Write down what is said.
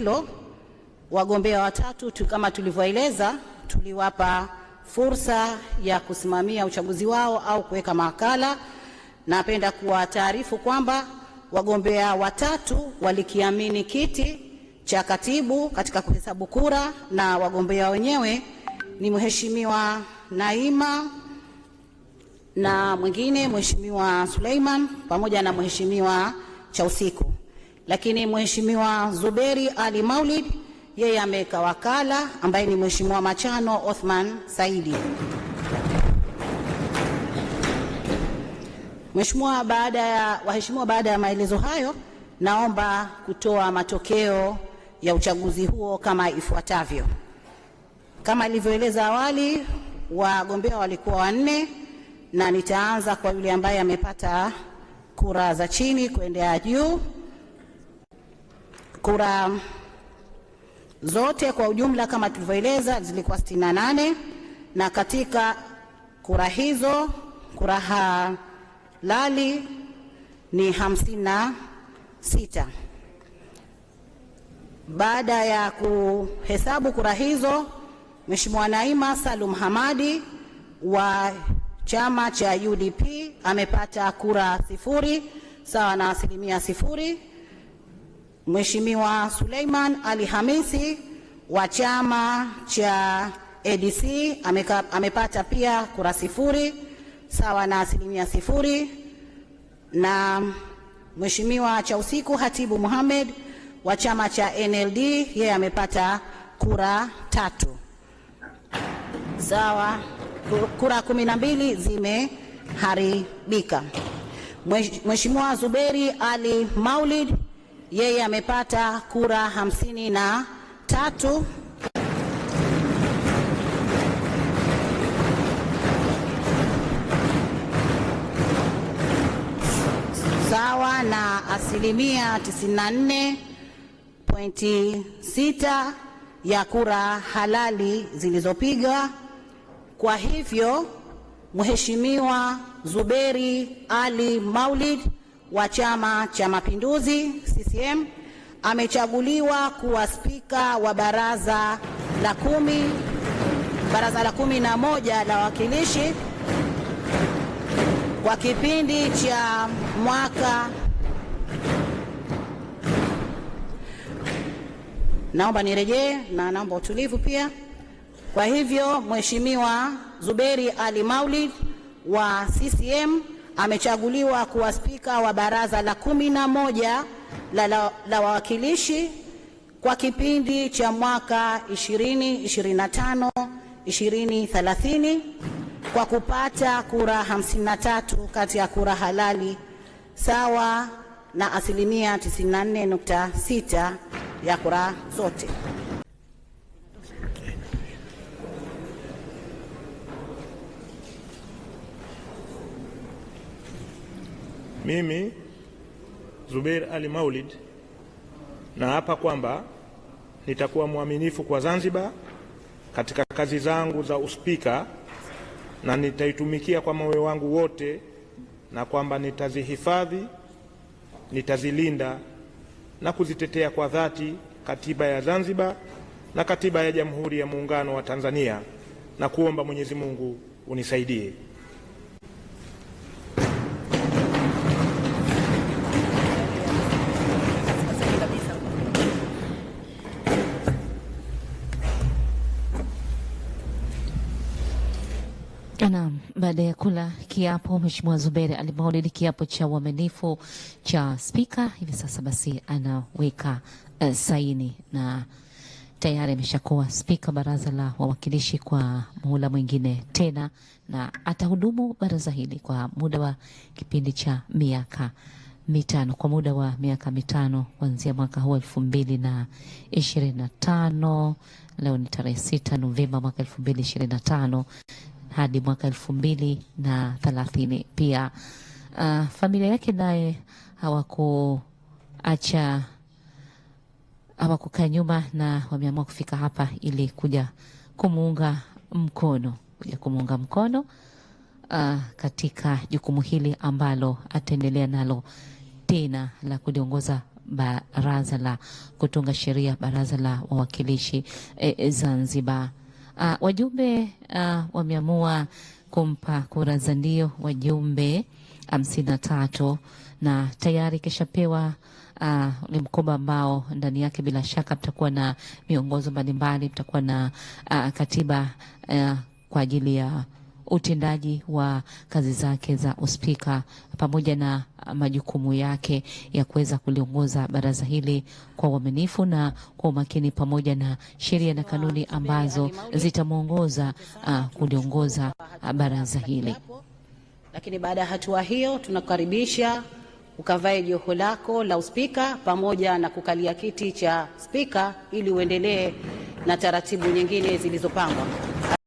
hilo, wagombea watatu tu, kama tulivyoeleza, tuliwapa fursa ya kusimamia uchaguzi wao au kuweka makala. Napenda kuwataarifu kwamba wagombea watatu walikiamini kiti cha katibu katika kuhesabu kura, na wagombea wenyewe ni Mheshimiwa Naima na mwingine Mheshimiwa Suleiman pamoja na Mheshimiwa Chausiku. Lakini Mheshimiwa Zuberi Ali Maulid yeye ameweka wakala ambaye ni Mheshimiwa Machano Othman Saidi. Mheshimiwa, baada ya waheshimiwa, baada ya maelezo hayo, naomba kutoa matokeo ya uchaguzi huo kama ifuatavyo. Kama ilivyoeleza awali, wagombea walikuwa wanne, na nitaanza kwa yule ambaye amepata kura za chini kuendea juu. Kura zote kwa ujumla kama tulivyoeleza zilikuwa 68 na katika kura hizo kura halali ni 56. Baada ya kuhesabu kura hizo, Mheshimiwa Naima Salum Hamadi wa chama cha UDP amepata kura sifuri sawa na asilimia sifuri. Mheshimiwa Suleiman Ali Hamisi wa chama cha ADC ameka, amepata pia kura sifuri sawa na asilimia sifuri, na Mheshimiwa Chausiku Hatibu Muhammad wa chama cha NLD yeye amepata kura tatu sawa, kura kumi na mbili zimeharibika. Mheshimiwa Zuberi Ali Maulid yeye amepata kura hamsini na tatu. sawa na asilimia 94.6 ya kura halali zilizopigwa. Kwa hivyo Mheshimiwa Zuberi Ali Maulid wa Chama cha Mapinduzi CCM amechaguliwa kuwa spika wa baraza la kumi, baraza la kumi na moja la wawakilishi kwa kipindi cha mwaka. Naomba nirejee na naomba utulivu pia. Kwa hivyo Mheshimiwa Zuberi Ali Maulid wa CCM amechaguliwa kuwa spika wa baraza la kumi na moja la, la, la wawakilishi kwa kipindi cha mwaka 2025 2030 kwa kupata kura 53 kati ya kura halali sawa na asilimia 94.6 ya kura zote. Mimi Zubeir Ali Maulid naapa kwamba nitakuwa mwaminifu kwa Zanzibar katika kazi zangu za uspika na nitaitumikia kwa moyo wangu wote, na kwamba nitazihifadhi, nitazilinda na kuzitetea kwa dhati katiba ya Zanzibar na katiba ya Jamhuri ya Muungano wa Tanzania, na kuomba Mwenyezi Mungu unisaidie. Naam, baada ya kula kiapo Mheshimiwa Zuberi Ali Maulid kiapo cha uaminifu cha spika, hivi sasa basi anaweka uh, saini na tayari ameshakuwa spika baraza la wawakilishi kwa muhula mwingine tena, na atahudumu baraza hili kwa muda wa kipindi cha miaka mitano kwa muda wa miaka mitano kuanzia mwaka huu elfu mbili na ishirini na tano. Leo ni tarehe sita Novemba mwaka elfu mbili ishirini na tano hadi mwaka elfu mbili na thelathini. Pia uh, familia yake naye hawakuacha hawakukaa nyuma na wameamua kufika hapa ili kuja kumuunga mkono kuja kumuunga mkono uh, katika jukumu hili ambalo ataendelea nalo tena la kuliongoza baraza la kutunga sheria, baraza la wawakilishi e, Zanzibar. Uh, wajumbe uh, wameamua kumpa kura za ndio wajumbe hamsini na tatu na tayari kishapewa ah, ni uh, mkoba ambao ndani yake bila shaka mtakuwa na miongozo mbalimbali, mtakuwa na uh, katiba uh, kwa ajili ya utendaji wa kazi zake za uspika pamoja na majukumu yake ya kuweza kuliongoza baraza hili kwa uaminifu na kwa umakini pamoja na sheria na kanuni ambazo zitamwongoza uh, kuliongoza uh, baraza hili. Lakini baada ya hatua hiyo, tunakaribisha ukavae joho lako la uspika pamoja na kukalia kiti cha spika ili uendelee na taratibu nyingine zilizopangwa.